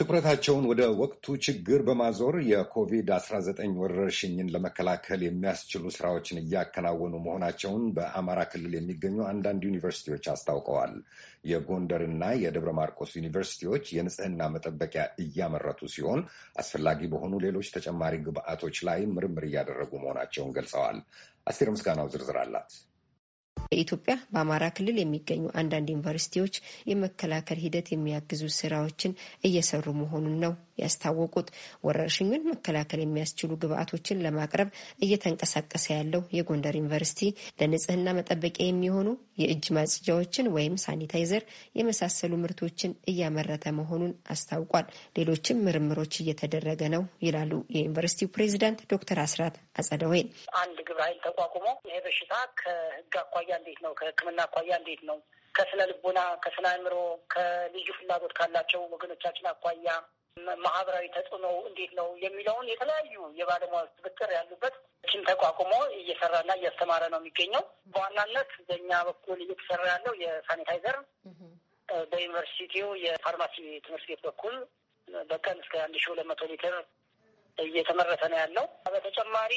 ትኩረታቸውን ወደ ወቅቱ ችግር በማዞር የኮቪድ-19 ወረርሽኝን ለመከላከል የሚያስችሉ ስራዎችን እያከናወኑ መሆናቸውን በአማራ ክልል የሚገኙ አንዳንድ ዩኒቨርሲቲዎች አስታውቀዋል። የጎንደርና የደብረ ማርቆስ ዩኒቨርሲቲዎች የንጽህና መጠበቂያ እያመረቱ ሲሆን አስፈላጊ በሆኑ ሌሎች ተጨማሪ ግብዓቶች ላይ ምርምር እያደረጉ መሆናቸውን ገልጸዋል። አስቴር ምስጋናው ዝርዝር አላት። በኢትዮጵያ በአማራ ክልል የሚገኙ አንዳንድ ዩኒቨርሲቲዎች የመከላከል ሂደት የሚያግዙ ስራዎችን እየሰሩ መሆኑን ነው ያስታወቁት። ወረርሽኙን መከላከል የሚያስችሉ ግብዓቶችን ለማቅረብ እየተንቀሳቀሰ ያለው የጎንደር ዩኒቨርሲቲ ለንጽህና መጠበቂያ የሚሆኑ የእጅ ማጽጃዎችን ወይም ሳኒታይዘር የመሳሰሉ ምርቶችን እያመረተ መሆኑን አስታውቋል። ሌሎችም ምርምሮች እየተደረገ ነው ይላሉ የዩኒቨርሲቲው ፕሬዚዳንት ዶክተር አስራት አጸደወይን አንድ ግብረ ኃይል ተቋቁሞ ይህ በሽታ ከህግ አኳ አኳያ እንዴት ነው? ከህክምና አኳያ እንዴት ነው? ከስነ ልቦና፣ ከስነ አእምሮ፣ ከልዩ ፍላጎት ካላቸው ወገኖቻችን አኳያ ማህበራዊ ተጽዕኖ እንዴት ነው የሚለውን የተለያዩ የባለሙያዎች ትብጥር ያሉበት ችን ተቋቁሞ እየሰራና እያስተማረ ነው የሚገኘው። በዋናነት በእኛ በኩል እየተሰራ ያለው የሳኒታይዘር በዩኒቨርሲቲው የፋርማሲ ትምህርት ቤት በኩል በቀን እስከ አንድ ሺ ሁለት መቶ ሊትር እየተመረተ ነው ያለው። በተጨማሪ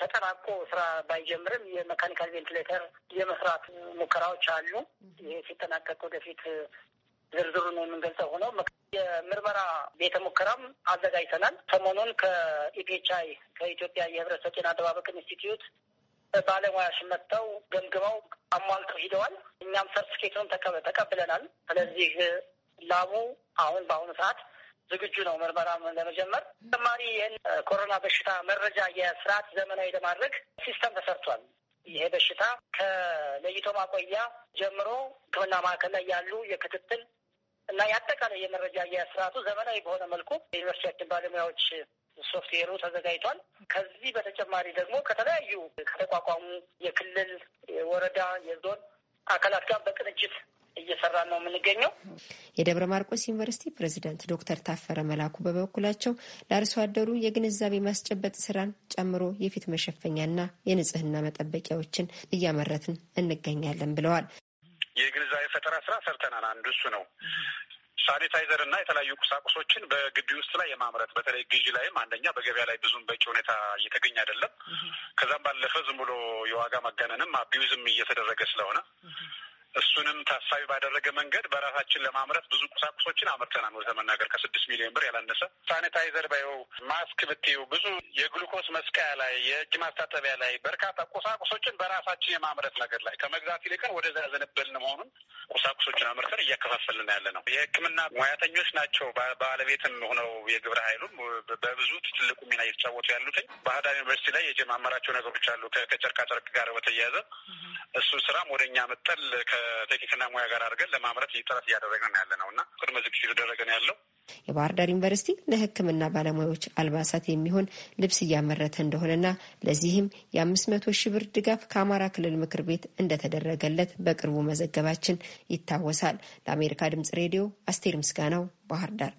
ተጠናቆ ስራ ባይጀምርም የመካኒካል ቬንትሌተር የመስራት ሙከራዎች አሉ። ይሄ ሲጠናቀቅ ወደፊት ዝርዝሩን የምንገልጸው ሆነው የምርመራ ቤተ ሙከራም አዘጋጅተናል። ሰሞኑን ከኢፒኤችአይ ከኢትዮጵያ የህብረተሰብ ጤና አጠባበቅ ኢንስቲትዩት ባለሙያዎች መጥተው ገምግመው አሟልተው ሂደዋል። እኛም ሰርቲፊኬቱን ተቀብለናል። ስለዚህ ላቡ አሁን በአሁኑ ሰዓት ዝግጁ ነው ምርመራም ለመጀመር። ተጨማሪ ይህን ኮሮና በሽታ መረጃ የስርዓት ዘመናዊ ለማድረግ ሲስተም ተሰርቷል። ይሄ በሽታ ከለይቶ ማቆያ ጀምሮ ሕክምና ማዕከል ላይ ያሉ የክትትል እና የአጠቃላይ የመረጃ የስርዓቱ ዘመናዊ በሆነ መልኩ ዩኒቨርሲቲያችን ባለሙያዎች ሶፍትዌሩ ተዘጋጅቷል። ከዚህ በተጨማሪ ደግሞ ከተለያዩ ከተቋቋሙ የክልል የወረዳ፣ የዞን አካላት ጋር በቅንጅት እየሰራ ነው የምንገኘው። የደብረ ማርቆስ ዩኒቨርሲቲ ፕሬዚደንት ዶክተር ታፈረ መላኩ በበኩላቸው ለአርሶ አደሩ የግንዛቤ ማስጨበጥ ስራን ጨምሮ የፊት መሸፈኛና የንጽህና መጠበቂያዎችን እያመረትን እንገኛለን ብለዋል። የግንዛቤ ፈጠራ ስራ ሰርተናል። አንዱ እሱ ነው። ሳኒታይዘር እና የተለያዩ ቁሳቁሶችን በግቢ ውስጥ ላይ የማምረት በተለይ ግዢ ላይም አንደኛ በገበያ ላይ ብዙም በቂ ሁኔታ እየተገኘ አይደለም። ከዛም ባለፈ ዝም ብሎ የዋጋ መጋነንም አቢዩዝም እየተደረገ ስለሆነ እሱንም ታሳቢ ባደረገ መንገድ በራሳችን ለማምረት ብዙ ቁሳቁሶችን አምርተናል። ወደ መናገር ከስድስት ሚሊዮን ብር ያላነሰ ሳኒታይዘር ባየው ማስክ ብትዩ ብዙ የግሉኮስ መስቀያ ላይ የእጅ ማስታጠቢያ ላይ በርካታ ቁሳቁሶችን በራሳችን የማምረት ነገር ላይ ከመግዛት ይልቅን ወደዛ ያዘነበልን መሆኑን ቁሳቁሶችን አምርተን እያከፋፈልን ያለ ነው። የሕክምና ሙያተኞች ናቸው ባለቤትም ሆነው የግብረ ኃይሉም በብዙ ትልቁ ሚና እየተጫወቱ ያሉትኝ ባህዳር ዩኒቨርሲቲ ላይ የጀማመራቸው ነገሮች አሉ ከጨርቃጨርቅ ጋር በተያያዘ እሱ ስራም ወደኛ መጠል ከቴክኒክና ሙያ ጋር አድርገን ለማምረት ጥረት እያደረግን ያለ ነው እና ቅድመ ዝግጅት እየተደረገ ነው ያለው። የባህር ዳር ዩኒቨርሲቲ ለሕክምና ባለሙያዎች አልባሳት የሚሆን ልብስ እያመረተ እንደሆነና ለዚህም የአምስት መቶ ሺህ ብር ድጋፍ ከአማራ ክልል ምክር ቤት እንደተደረገለት በቅርቡ መዘገባችን ይታወሳል። ለአሜሪካ ድምጽ ሬዲዮ አስቴር ምስጋናው ባህር ዳር